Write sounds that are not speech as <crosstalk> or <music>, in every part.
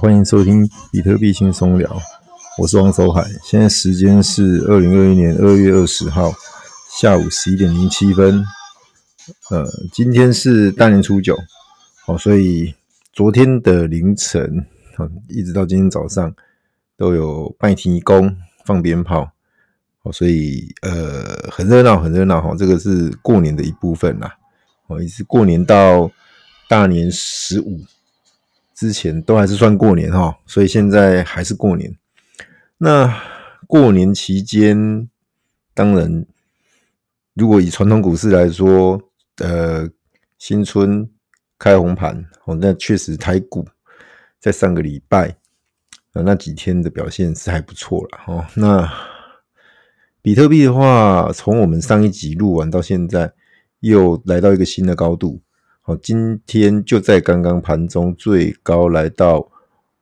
歡迎收聽比特幣輕鬆聊，我是王守海。現在時間是二零二一年二月二十號下午十一點零七分。呃，今天是大年初九，哦，所以昨天的凌晨，哦、一直到今天早上都有拜天公、放鞭炮，哦，所以呃，很熱鬧，很熱鬧哈、哦。這個是過年的一部分啦，哦，也是過年到大年十五。之前都還是算過年哈，所以現在還是過年。那過年期間，當然，如果以傳統股市來說，呃，新春開紅盤哦，那確實台股在上個禮拜那幾天的表現是還不錯啦哦。那比特幣的話，從我們上一集錄完到現在，又來到一個新的高度。哦，今天就在剛剛盤中最高來到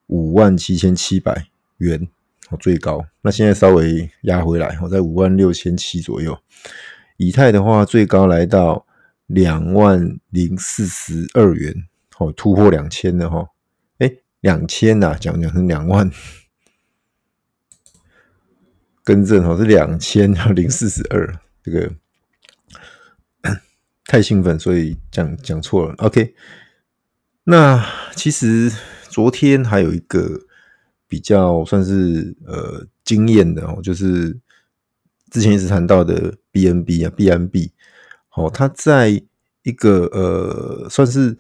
五萬七千七百元，哦，最高。那現在稍微壓回來，哦，在五萬六千七左右。以太的話，最高來到兩萬零四十二元，哦，突破兩千了，哈。哎，兩千吶，講講成兩萬，更正哦，是兩千零四十二，這個。太興奮，所以講講錯了。OK，那其實昨天還有一個比較算是呃驚艷的，哦，就是之前一直談到的 BNB 啊，BNB，哦。它在一個呃算是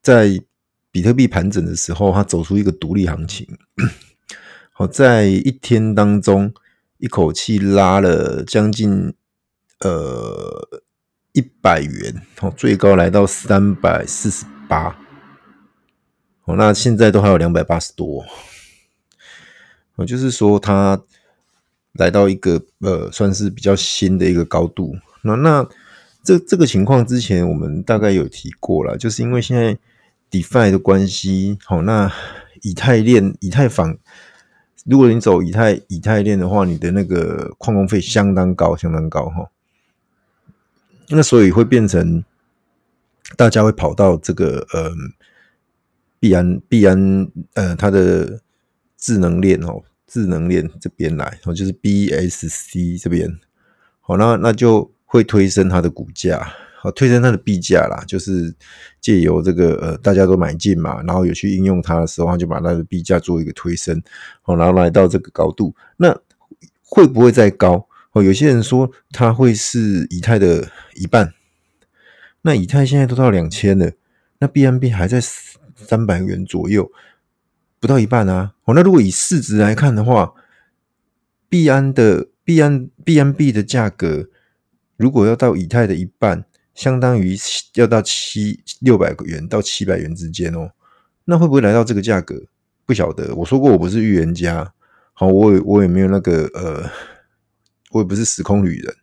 在比特幣盤整的時候，它走出一個獨立行情。好、 <coughs> 哦，在一天當中一口氣拉了將近呃。一百元，好，最高來到三百四十八，那現在都還有兩百八十多，哦，就是說它來到一個呃，算是比較新的一個高度。那那這這個情況之前我們大概有提過了，就是因為現在 DeFi 的關係，好，那以太鏈以太坊，如果你走以太以太鏈的話，你的那個礦工費相當高，相當高，哈。那所以會變成，大家會跑到這個呃，幣安幣安呃，它的智能鏈哦，智能鏈這邊來，然後就是 BSC 這邊，好、哦，那那就會推升它的股價，好、哦，推升它的幣價啦，就是借由這個呃，大家都買進嘛，然後有去應用它的時候，他就把它的幣價做一個推升，哦，然後來到這個高度，那會不會再高？哦，有些人說它會是以太的一半，那以太現在都到兩千了，那 BNB 還在三百元左右，不到一半啊、哦。那如果以市值來看的話幣安的幣安、幣安幣的價格，如果要到以太的一半，相當於要到七六百元到七百元之間哦。那會不會來到這個價格？不曉得。我說過我不是預言家，好、哦，我我也沒有那個呃。我也不是時空旅人，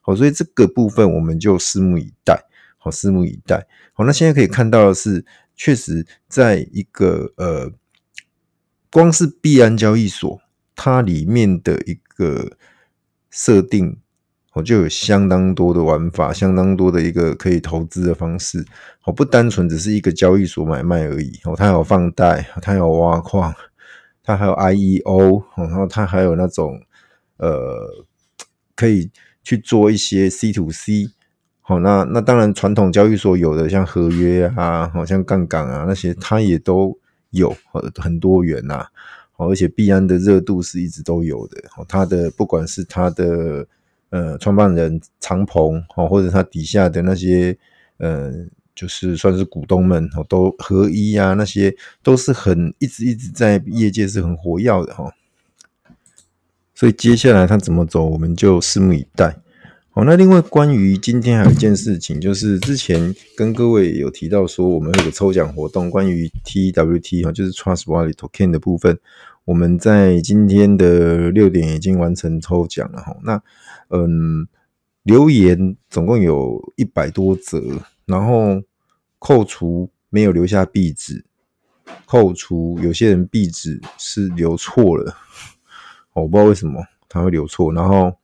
好，所以這個部分我們就拭目以待，好，拭目以待。好，那現在可以看到的是，確實在一個呃，光是幣安交易所它裡面的一個設定，我就有相當多的玩法，相當多的一個可以投資的方式。好，不單純只是一個交易所買賣而已。它有放貸，它有挖礦，它還有 I E O，然後它還有那種呃。可以去做一些 C to C，好，那那當然，傳統交易所有的像合約啊，好像槓桿啊那些，它也都有，很很多元吶。好，而且幣安的熱度是一直都有的，它的不管是它的呃創辦人長鵬，或者它底下的那些呃，就是算是股東們，都合一啊，那些都是很一直一直在業界是很活躍的哈。所以接下來它怎麼走，我們就拭目以待。好，那另外關於今天還有一件事情，就是之前跟各位有提到說，我們那個抽獎活動關於 TWT 哈，就是 Trust Wallet Token 的部分，我們在今天的六點已經完成抽獎了哈。那嗯，留言總共有一百多則，然後扣除沒有留下地址，扣除有些人地址是留錯了。我不知道為什麼他會流錯，然後，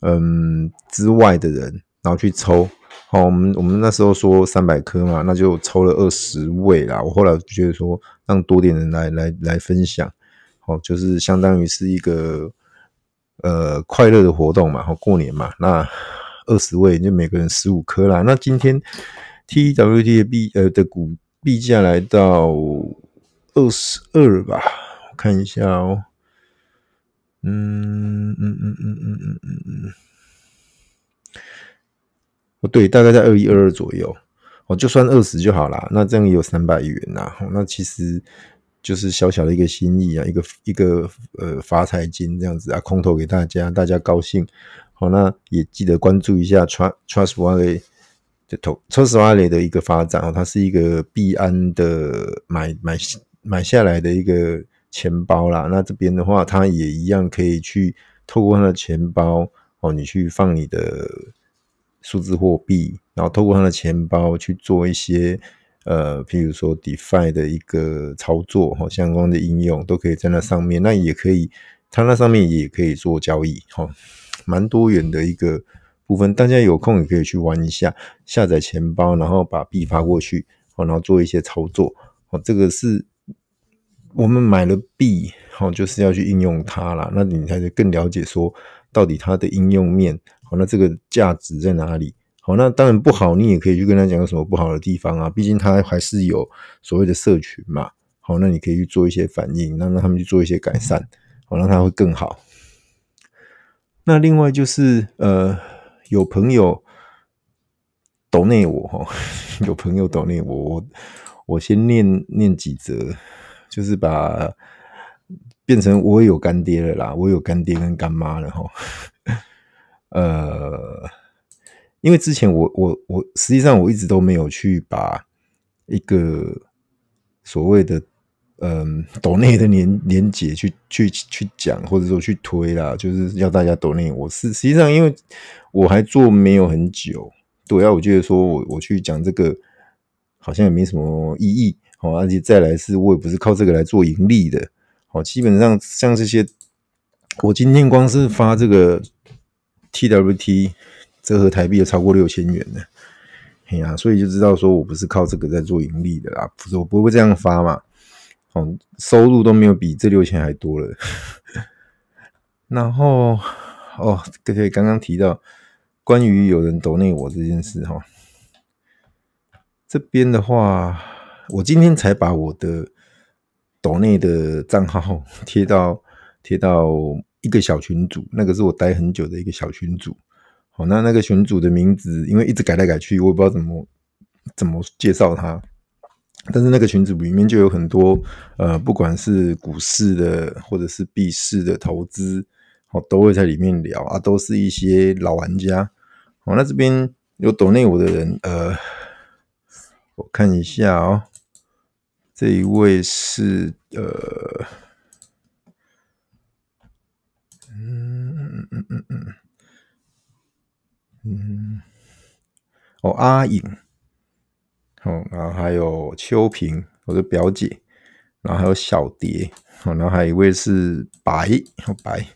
嗯，之外的人，然後去抽。好，我們我們那時候說三百顆嘛，那就抽了二十位啦。我後來就覺得說，讓多點人來來來分享，好，就是相當於是一個，呃，快樂的活動嘛。好，過年嘛，那二十位就每個人十五顆啦。那今天 TWT 的幣呃的股幣價來到二十二吧，我看一下哦。嗯嗯嗯嗯嗯嗯嗯哦對，大概在二一二二左右哦，就算二十就好了。那這樣也有三百元啦，那其實就是小小的一個心意啊，一個一個呃發財金這樣子啊，空投給大家，大家高興。好，那也記得關注一下 Tr Trust Wallet 的投 Trust Wallet 的一個發展啊，它是一個幣安的買買買下來的一個。錢包啦，那這邊的話，它也一樣可以去透過它的錢包哦，你去放你的數字貨幣，然後透過它的錢包去做一些呃，譬如說 DeFi 的一個操作哈，相關的應用都可以在那上面，那也可以，它那上面也可以做交易哈，蠻多元的一個部分，大家有空也可以去玩一下，下載錢包，然後把幣發過去哦，然後做一些操作哦，這個是。我們買了幣，好，就是要去應用它了。那你才更了解說到底它的應用面，好，那這個價值在哪裡？好，那當然不好，你也可以去跟他講有什麼不好的地方啊。畢竟他還是有所謂的社群嘛，好，那你可以去做一些反應，讓他們去做一些改善，好，讓它會更好。那另外就是，呃，有朋友 donate 我，有朋友 donate 我，我我先念念幾則。就是把變成我也有乾爹了啦，我也有乾爹跟乾媽了吼。 <laughs> 呃，因為之前我我我實際上我一直都沒有去把一個所謂的嗯抖內的連連結去去去講，或者說去推啦，就是要大家抖內。我是實際上因為我還做沒有很久，對啊，我覺得說我我去講這個好像也沒什麼意義。哦，而且再來是，我也不是靠這個來做盈利的。好，哦，基本上像這些，我今天光是發這個 TWT，折合台幣有超過六千元呢。哎呀，啊，所以就知道說我不是靠這個在做盈利的啦，不是我不會這樣發嘛。哦，收入都沒有比這六千還多了。呵呵。然後哦，對對，剛剛提到關於有人抖內我這件事哈，哦，這邊的話。我今天才把我的抖內的賬號貼到貼到一個小群組，那個是我待很久的一個小群組。好，那那個群組的名字因為一直改來改去，我也不知道怎麼怎麼介紹它。但是那個群組裡面就有很多呃，不管是股市的或者是幣市的投資，好都會在裡面聊啊，都是一些老玩家。好，那這邊有抖內我的人，呃，我看一下哦。這一位是呃，嗯嗯嗯嗯嗯嗯，哦阿穎哦，然後還有秋萍，我、哦、的表姐，然後還有小蝶，哦，然後還有一位是白，好、哦、白，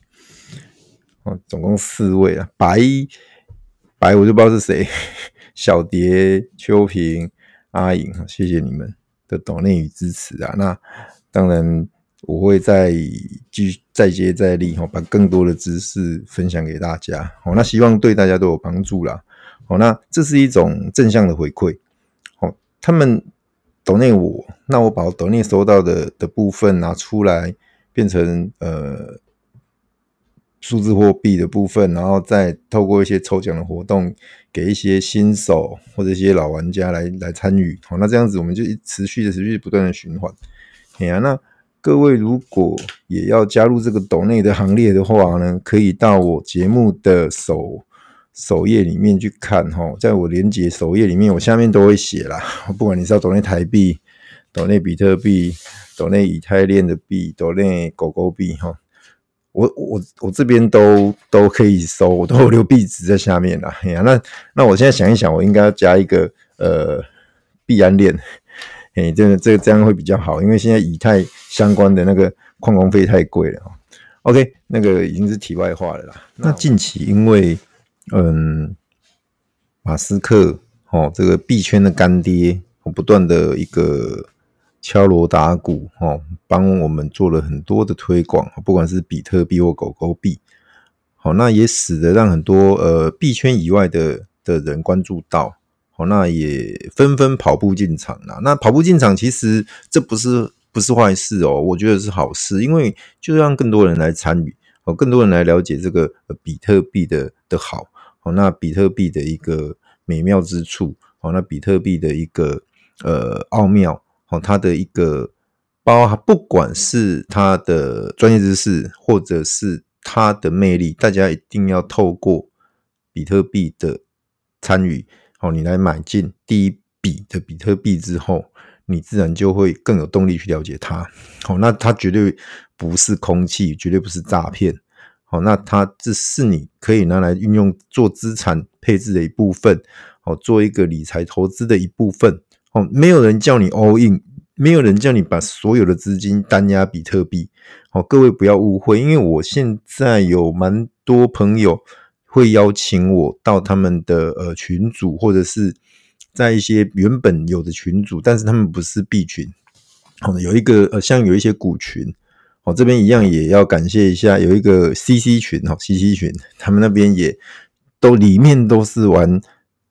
哦，總共四位啊，白，白我就不知道是誰，小蝶、秋萍、阿穎，謝謝你們。的斗內與支持啊，那當然我會再繼續再接再厲哈，把更多的知識分享給大家好，那希望對大家都有幫助啦。好，那這是一種正向的回饋。他們斗內我，那我把斗內收到的的部分拿出來，變成呃。數字貨幣的部分，然後再透過一些抽獎的活動，給一些新手或者一些老玩家來來參與。好，那這樣子我們就持續的、持續不斷的循環。哎呀、啊，那各位如果也要加入這個抖內的行列的話呢，可以到我節目的首首頁裡面去看哈，在我連接首頁裡面，我下面都會寫啦。不管你是要抖內台幣、抖內比特幣、抖內以太鏈的幣、抖內狗狗幣哈。我我我這邊都都可以搜，我都有留壁紙在下面了。呀、啊，那那我現在想一想，我應該要加一個呃，幣安鏈，哎，這個這個這樣會比較好，因為現在以太相關的那個礦工費太貴了、哦。OK，那個已經是題外話了啦。那，那近期因為嗯，馬斯克哦，這個幣圈的乾爹，我不斷的一個。敲鑼打鼓，哈，幫我們做了很多的推廣，不管是比特幣或狗狗幣，好，那也使得讓很多呃幣圈以外的的人關注到，好，那也紛紛跑步進場了啊。那跑步進場其實這不是不是壞事哦，我覺得是好事，因為就讓更多人來參與，哦，更多人來了解這個比特幣的的好，好，那比特幣的一個美妙之處，好，那比特幣的一個呃奧妙。哦，它的一個包含，不管是它的專業知識，或者是它的魅力，大家一定要透過比特幣的參與，哦，你來買進第一筆的比特幣之後，你自然就會更有動力去了解它。好，那它絕對不是空氣，絕對不是詐騙。好，那它這是你可以拿來運用做資產配置的一部分，哦，做一個理財投資的一部分。沒有人叫你 all in，沒有人叫你把所有的資金單押比特幣。好、哦，各位不要誤會，因為我現在有蠻多朋友會邀請我到他們的呃群組，或者是在一些原本有的群組，但是他們不是幣群。好、哦，有一個呃像有一些股群，哦，這邊一樣也要感謝一下，有一個 CC 群哦，CC 群，他們那邊也都裡面都是玩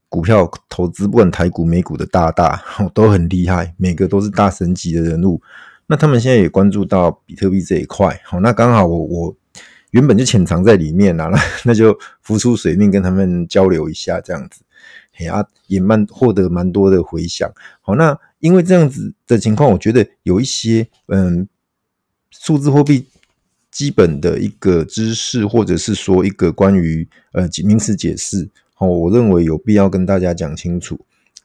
股票投資，不管台股、美股的大大，都很厲害，每個都是大神級的人物。那他們現在也關注到比特幣這一塊，好，那剛好我我原本就潛藏在裡面啦、啊，那那就浮出水面，跟他們交流一下這樣子，啊、也蠻獲得蠻多的回響。好，那因為這樣子的情況，我覺得有一些嗯，數字貨幣基本的一個知識，或者是說一個關於呃名詞解釋。好，我認為有必要跟大家講清楚。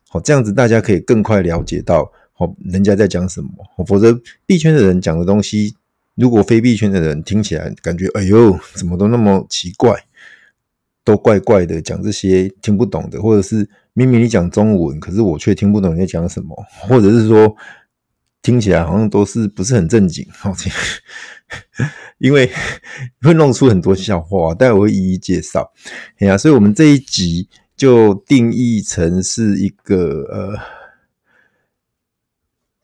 好，這樣子大家可以更快了解到，好，人家在講什麼。否則，幣圈的人講的東西，如果非幣圈的人聽起來感覺，哎喲，怎麼都那麼奇怪，都怪怪的，講這些聽不懂的，或者是明明你講中文，可是我卻聽不懂你在講什麼，或者是說。聽起來好像都是不是很正經，因為會弄出很多笑話，待會我會一一介紹。哎呀、啊，所以我們這一集就定義成是一個呃，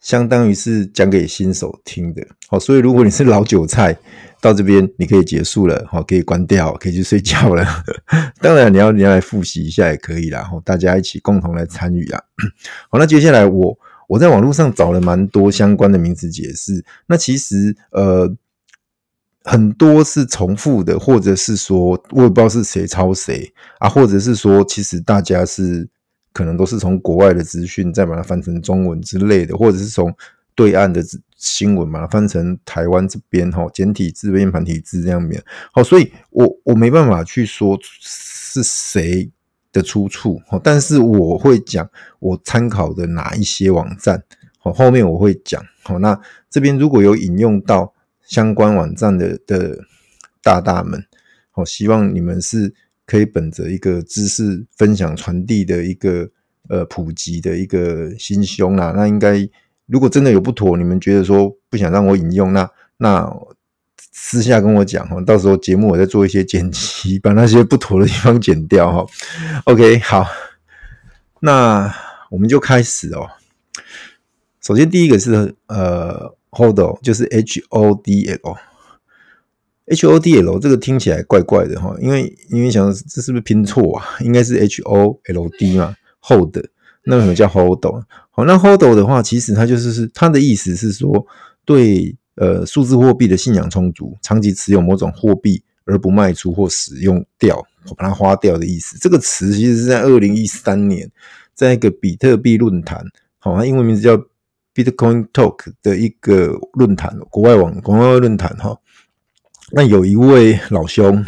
相當於是講給新手聽的。哦，所以如果你是老韭菜，到這邊你可以結束了，好，可以關掉，可以去睡覺了。當然你要你要來復習一下也可以啦，然後大家一起共同來參與啊。好，那接下來我。我在網絡上找了蠻多相關的名詞解釋，那其實呃很多是重複的，或者是說我也不知道是誰抄誰啊，或者是說其實大家是可能都是從國外的資訊再把它翻成中文之類的，或者是從對岸的新聞把它翻成台灣這邊哈簡體字變繁體字這樣面，好，所以我我沒辦法去說是誰的出處哦，但是我會講我參考的哪一些網站哦，後面我會講哦。那這邊如果有引用到相關網站的的大大們，我希望你們是可以本着一個知識分享傳遞的一個呃普及的一個心胸啦，那應該，如果真的有不妥，你們覺得說不想讓我引用那那。那私下跟我講哦，到時候節目我再做一些剪輯，把那些不妥的地方剪掉哈。OK，好，那我們就開始哦。首先第一個是呃，HODL，就是 H O D L，H O D L 這個聽起來怪怪的哈，因為因為想這是不是拼錯啊？應該是 H O L D 嘛，hold，那為什麼叫 HODL？好，那 HODL 的話，其實它就是是它的意思是說對。呃，數字貨幣的信仰充足，長期持有某種貨幣而不賣出或使用掉，把它花掉的意思。這個詞其實是在二零一三年，在一個比特幣論壇，好，哦，英文名字叫 Bitcoin Talk 的一個論壇，國外網國外論壇哈。那有一位老兄，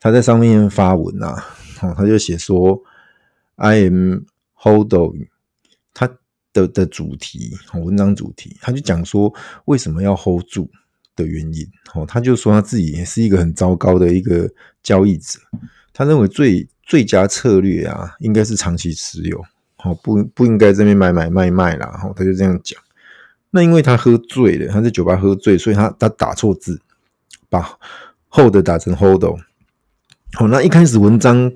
他在上面發文吶，啊哦，他就寫說：“I am holding。” hold 他的的主題，文章主題，他就講說為什麼要 hold 住的原因，哦，他就說他自己也是一個很糟糕的一個交易者，他認為最最佳策略啊，應該是長期持有，不不應該這邊買買賣賣啦。哦，他就這樣講。那因為他喝醉了，他在酒吧喝醉，所以他他打錯字，把 hold 打成 hodl。好，那一開始文章。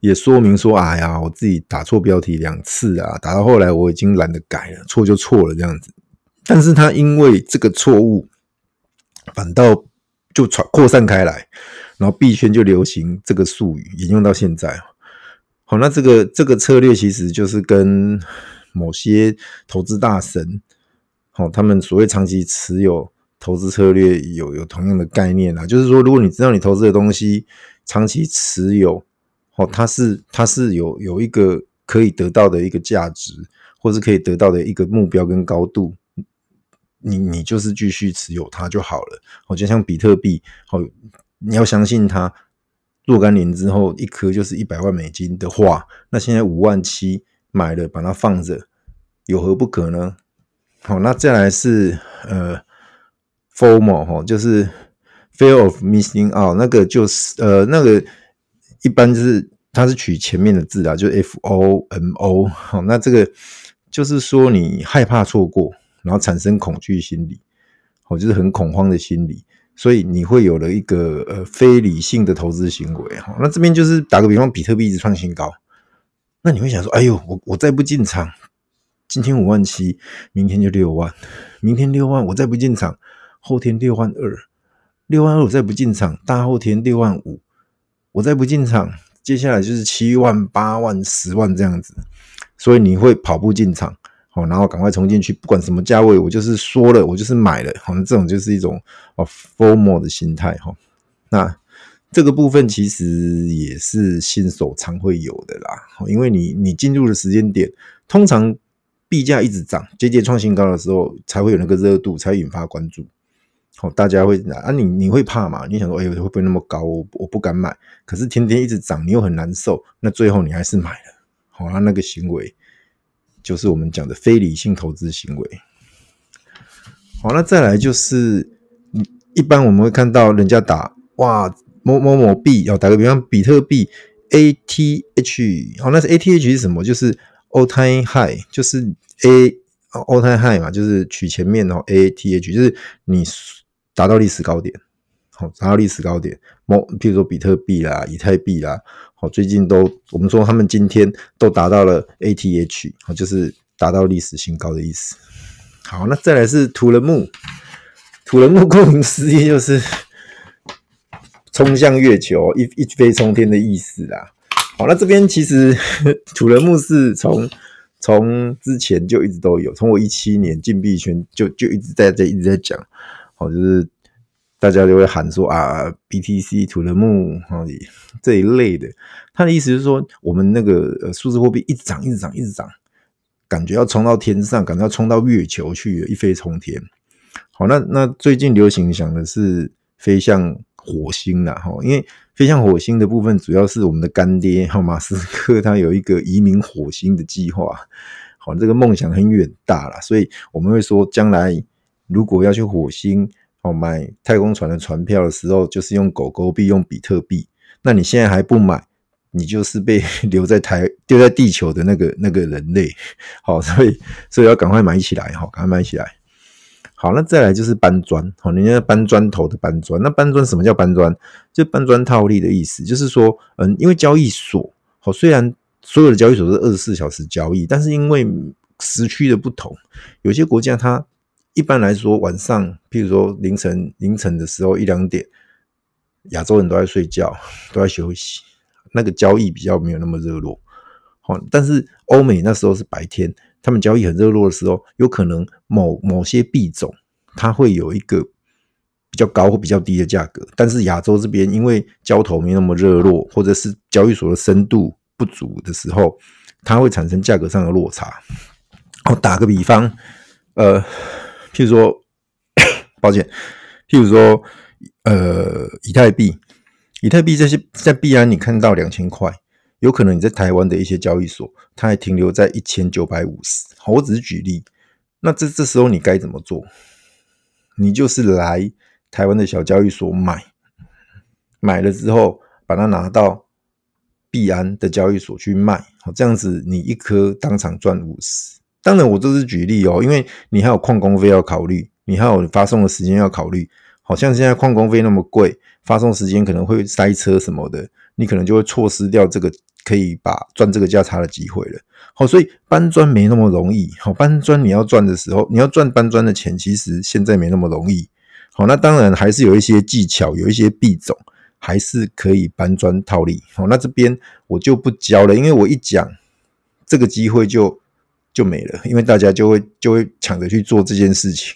也說明說，哎呀，我自己打錯標題兩次啊，打到後來我已經懶得改了，錯就錯了這樣子。但是他因為這個錯誤，反倒就傳擴散開來，然後幣圈就流行這個術語，沿用到現在。好，那這個這個策略其實就是跟某些投資大神，好，他們所謂長期持有投資策略有有同樣的概念啊，就是說，如果你知道你投資的東西長期持有。哦，它是它是有有一個可以得到的一個價值，或是可以得到的一個目標跟高度，你你就是繼續持有它就好了。哦，就像比特幣，哦，你要相信它若干年之後一顆就是一百萬美金的話，那現在五萬七買了，把它放着有何不可呢？好，那再來是呃，FOMO 哦，就是 fear of missing out，那個就是呃那個。一般就是它是取前面的字啊，就是 FOMO。好，那這個就是說你害怕錯過，然後產生恐懼心理，好，就是很恐慌的心理，所以你會有了一個呃非理性的投資行為。好，那這邊就是打個比方，比特幣一直創新高，那你會想說，哎呦，我我再不進場，今天五萬七，明天就六萬，明天六萬，我再不進場，後天六萬二，六萬二我再不進場，大後天六萬五。我再不進場，接下來就是七萬、八萬、十萬這樣子，所以你會跑步進場，好，然後趕快衝進去，不管什麼價位，我就是說了，我就是買了，好像這種就是一種哦，FOMO 的心態哈。那這個部分其實也是新手常會有的啦，因為你你進入的時間點，通常幣價一直漲，節節創新高的時候，才會有那個熱度，才引發關注。好，大家會啊，你，你你會怕嗎？你想說，哎、欸、呦，會不會那麼高？我我不敢買。可是天天一直漲，你又很難受。那最後你還是買了。好，那那個行為就是我們講的非理性投資行為。好，那再來就是，一般我們會看到人家打哇某某某幣要打個比方，比特幣 A T H 哦，那是 A T H 是什麼？就是 All Time High，就是 A All Time High 嘛，就是取前面哦 A T H，就是你。達到歷史高點，好、哦，達到歷史高點。某，譬如說比特幣啦、以太幣啦，好、哦，最近都我們說他們今天都達到了 ATH、哦、就是達到歷史新高的意思。好，那再來是 to the moon，to the moon 顧名思義，也就是衝向月球一一飛衝天的意思啦。好，那這邊其實 to the moon 是從從之前就一直都有，從我一七年進幣圈就就一直在這一直在講，在在在講好，就是大家就會喊說啊，BTC to the moon，這一類的，他的意思就是說，我們那個呃，數字貨幣一直漲，一直漲，一直漲，感覺要衝到天上，感覺要衝到月球去，一飛衝天。好，那那最近流行想的是飛向火星了，哈，因為飛向火星的部分主要是我們的乾爹哈馬斯克，他有一個移民火星的計劃。好，這個夢想很遠大了，所以我們會說將來。如果要去火星，買太空船的船票的時候，就是用狗狗幣，用比特幣。那你現在還不買，你就是被留在台丟在地球的那個那個人類。好，所以所以要趕快買起來，趕快買起來。好，那再來就是搬磚，好，人家搬磚頭的搬磚。那搬磚什麼叫搬磚？就搬磚套利的意思，就是說，嗯，因為交易所，好，雖然所有的交易所是二十四小時交易，但是因為時區的不同，有些國家它。一般來說，晚上，譬如說凌晨凌晨的時候一兩點，亞洲人都在睡覺，都在休息，那個交易比較沒有那麼熱絡。但是歐美那時候是白天，他們交易很熱絡的時候，有可能某某些幣種它會有一個比較高或比較低的價格。但是亞洲這邊因為交投沒那麼熱絡，或者是交易所的深度不足的時候，它會產生價格上的落差。我打個比方，呃。譬如說，抱歉，譬如說，呃，以太幣，以太幣這些在幣安你看到兩千塊，有可能你在台灣的一些交易所，它還停留在一千九百五十。好，我只是舉例，那這這時候你該怎麼做？你就是來台灣的小交易所買，買了之後把它拿到幣安的交易所去賣，好，這樣子你一顆當場賺五十。當然，我這是舉例哦，因為你還有礦工費要考慮，你還有發送的時間要考慮。好像現在礦工費那麼貴，發送時間可能會塞車什麼的，你可能就會錯失掉這個可以把賺這個價差的機會了。好，所以搬磚沒那麼容易。好，搬磚你要賺的時候，你要賺搬磚的錢，其實現在沒那麼容易。好，那當然還是有一些技巧，有一些幣種還是可以搬磚套利。好，那這邊我就不教了，因為我一講這個機會就。就沒了，因為大家就會就會搶着去做這件事情，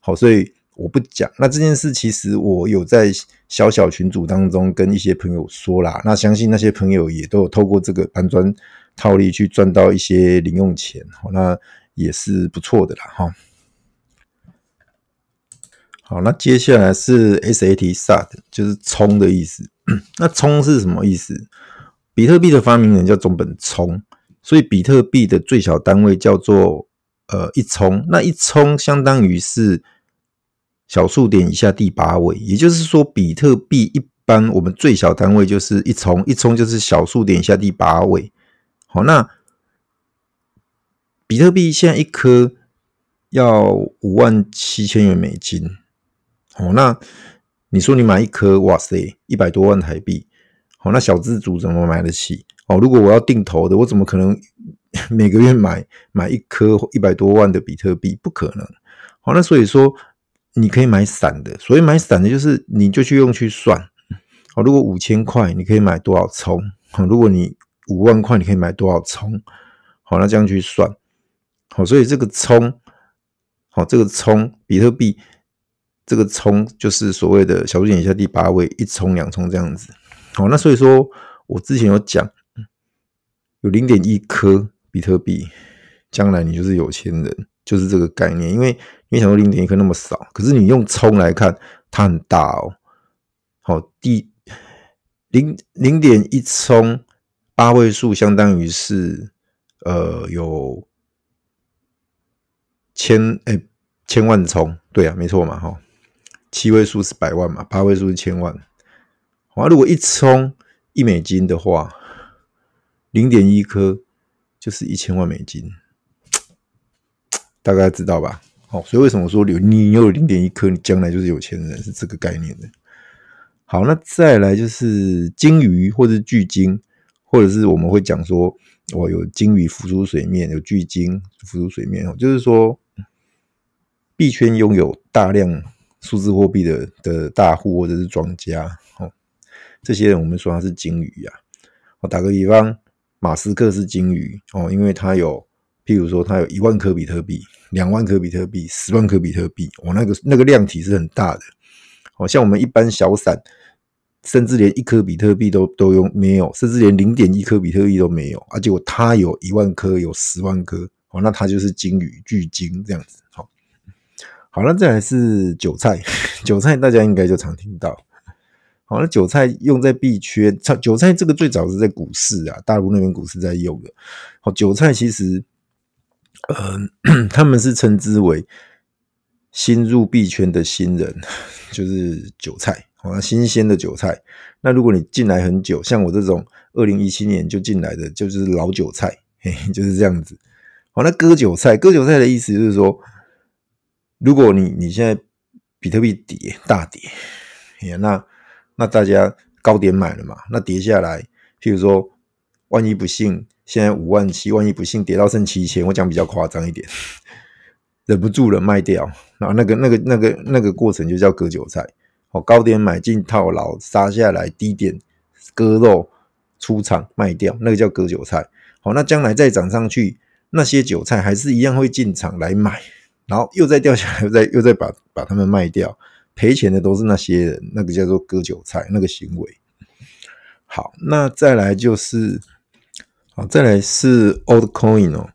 好，所以我不講。那這件事其實我有在小小群組當中跟一些朋友說啦，那相信那些朋友也都有透過這個搬磚套利去賺到一些零用錢，好，那也是不錯的啦，哈。好，那接下來是 SAT SAD，就是聰的意思。那聰是什麼意思？比特幣的發明人叫中本聰。所以比特幣的最小單位叫做呃一聰，那一聰相當於是小數點以下第八位，也就是說比特幣一般我們最小單位就是一聰，一聰就是小數點以下第八位。好，那比特幣現在一顆要五萬七千元美金，好，那你說你買一顆，哇塞，一百多萬台幣，好，那小資族怎麼買得起？哦，如果我要定投的，我怎麼可能每個月買買一顆一百多萬的比特幣？不可能。好，那所以說你可以買散的，所以買散的就是你就去用去算。好，如果五千塊你可以買多少聰？好，如果你五萬塊你可以買多少聰？好，那這樣去算。好，所以這個聰，好，這個聰比特幣，這個聰就是所謂的小數點以下第八位，一聰兩聰這樣子。好，那所以說我之前有講。有零點一顆比特幣，將來你就是有錢人，就是這個概念。因為沒想到零點一顆那麼少，可是你用聰來看，它很大哦。好、哦，第零零點一聰八位數，相當於是呃有千哎、欸、千萬聰，對啊，沒錯嘛，哈、哦，七位數是百萬嘛，八位數是千萬。好、哦啊，如果一聰一美金的話。零點一顆就是一千萬美金，大概知道吧？哦，所以為什麼說你有你擁有零點一顆，你將來就是有錢人，是這個概念的。好，那再來就是鯨魚，或者巨鯨，或者是我們會講說，我有鯨魚浮出水面，有巨鯨浮出水面哦，就是說，幣圈擁有大量數字貨幣的的大戶或者是莊家哦，這些人我們說他是鯨魚呀、啊，我打個比方。馬斯克是鯨魚哦，因為他有，譬如說他有一萬顆比特幣、兩萬顆比特幣、十萬顆比特幣，我、哦、那個那個量體是很大的。哦，像我們一般小散，甚至連一顆比特幣都都用沒有，甚至連零點一顆比特幣都沒有，而、啊、結果他有一萬顆、有十萬顆，哦，那他就是鯨魚、巨鯨這樣子。哦、好，好那再來是韭菜， <laughs> 韭菜大家應該就常聽到。好，那韭菜用在幣圈，炒韭菜這個最早是在股市啊，大陸那邊股市在用的。好，韭菜其實，嗯、呃，他們是稱之為新入幣圈的新人，就是韭菜，好，新鮮的韭菜。那如果你進來很久，像我這種二零一七年就進來的，就是老韭菜，嘿，就是這樣子。好，那割韭菜，割韭菜的意思就是說，如果你你現在比特幣跌大跌，哎，那。那大家高點買了嘛？那跌下來，譬如說，萬一不幸現在五萬七，萬一不幸跌到剩七千，我講比較誇張一點，忍不住了賣掉，然後那個那個那個那個過程就叫割韭菜。好，高點買進套牢，殺下來低點割肉出場賣掉，那個叫割韭菜。好，那將來再漲上去，那些韭菜還是一樣會進場來買，然後又再掉下來，又再又再把把他們賣掉。賠錢的都是那些人，那個叫做割韭菜那個行為。好，那再來就是，好，再來是 old coin 哦，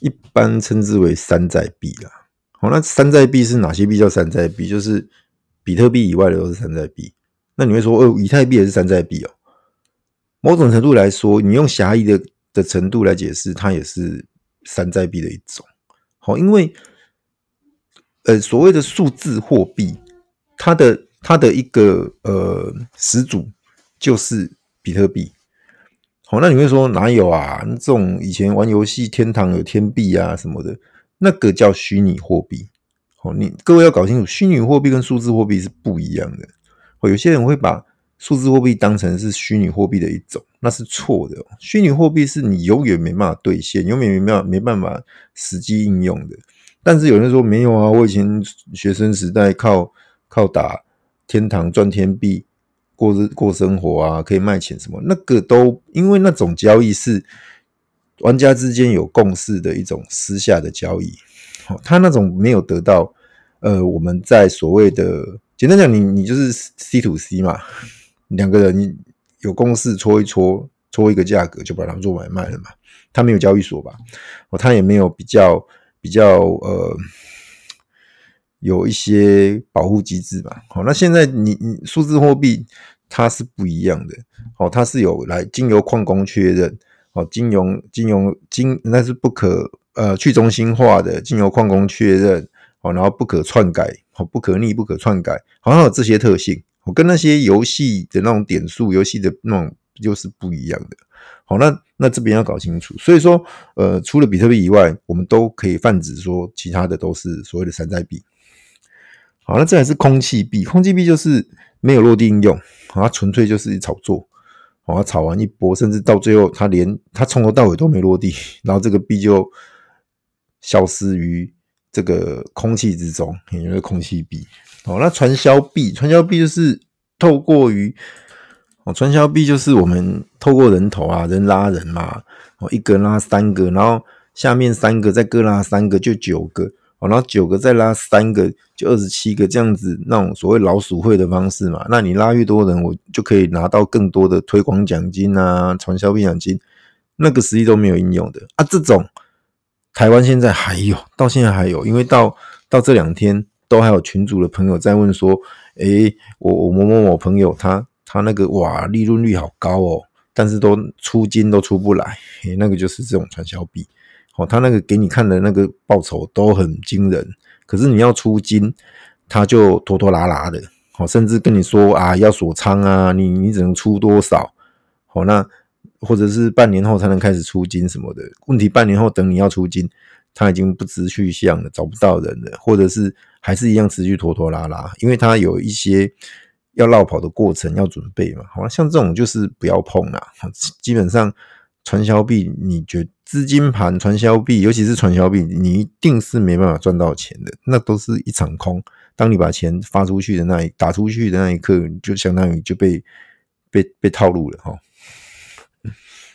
一般稱之為山寨幣啦。好，那山寨幣是哪些幣叫山寨幣？就是比特幣以外的都是山寨幣。那你會說哦、欸，以太幣也是山寨幣哦。某種程度來說，你用狹義的的程度來解釋，它也是山寨幣的一種。好，因為。呃，所謂的數字貨幣，它的它的一個呃始祖就是比特幣。好、哦，那你會說哪有啊？這種以前玩遊戲天堂有天幣啊什麼的，那個叫虛擬貨幣。好、哦，你各位要搞清楚，虛擬貨幣跟數字貨幣是不一樣的。哦，有些人會把數字貨幣當成是虛擬貨幣的一種，那是錯的。虛擬貨幣是你永遠沒辦法兌現，永遠沒辦法沒辦法實際應用的。但是有人說，沒有啊！我以前學生時代靠靠打天堂賺天幣過日過生活啊，可以賣錢什麼那個都，因為那種交易是玩家之間有共識的一種私下的交易，哦，他那種沒有得到呃，我們在所謂的簡單講，你你就是 C to C 嘛，兩個人有共識撮一撮，撮一個價格就把他們做買賣了嘛，他沒有交易所吧？哦，他也沒有比較。比較呃有一些保護機制吧，好，那現在你你數字貨幣它是不一樣的，好，它是有來經由礦工確認，好，經由經由經那是不可呃去中心化的，經由礦工確認，好，然後不可篡改，好，不可逆不可篡改，好像有這些特性，我跟那些遊戲的那種點數遊戲的那種。就是不一樣的，好，那那這邊要搞清楚。所以說，呃，除了比特幣以外，我們都可以泛指說其他的都是所謂的山寨幣。好，那再來是空氣幣，空氣幣就是沒有落地應用，好，它純粹就是炒作，好，它炒完一波，甚至到最後它連它從頭到尾都沒落地，然後這個幣就消失於這個空氣之中，也就是空氣幣。好，那傳銷幣，傳銷幣就是透過於。哦，傳銷幣就是我們透過人頭啊，人拉人嘛，哦，一個拉三個，然後下面三個再各拉三個，就九個，哦，然後九個再拉三個，就二十七個，這樣子那種所謂老鼠會的方式嘛。那你拉越多人，我就可以拿到更多的推廣獎金啊，傳銷幣獎金，那個實際都沒有應用的啊。這種台灣現在還有，到現在還有，因為到到這兩天都還有群主的朋友在問說，誒、欸，我我某某某朋友他。他那個哇，利潤率好高哦，但是都出金都出不來，嘿，那個就是這種傳銷幣。哦、他那個給你看的那個報酬都很驚人，可是你要出金，他就拖拖拉拉的、哦。甚至跟你說啊，要鎖倉啊，你你只能出多少？哦、那或者是半年後才能開始出金什麼的。問題半年後等你要出金，他已經不知去向了，找不到人了，或者是還是一樣持續拖拖拉拉，因為他有一些。要落跑的過程要準備嘛，好啊，像這種就是不要碰啦。基本上傳銷幣，你覺得資金盤傳銷幣，尤其是傳銷幣，你一定是沒辦法賺到錢的，那都是一場空。當你把錢發出去的那一打出去的那一刻，就相當於就被被被套路了齁。